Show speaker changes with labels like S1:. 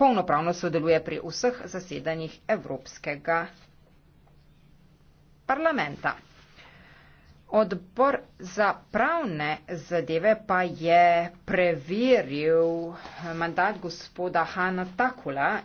S1: polnopravno sodeluje pri vseh zasedanjih Evropskega parlamenta. Odbor za pravne zadeve pa je preveril mandat gospoda Hanna
S2: Takula.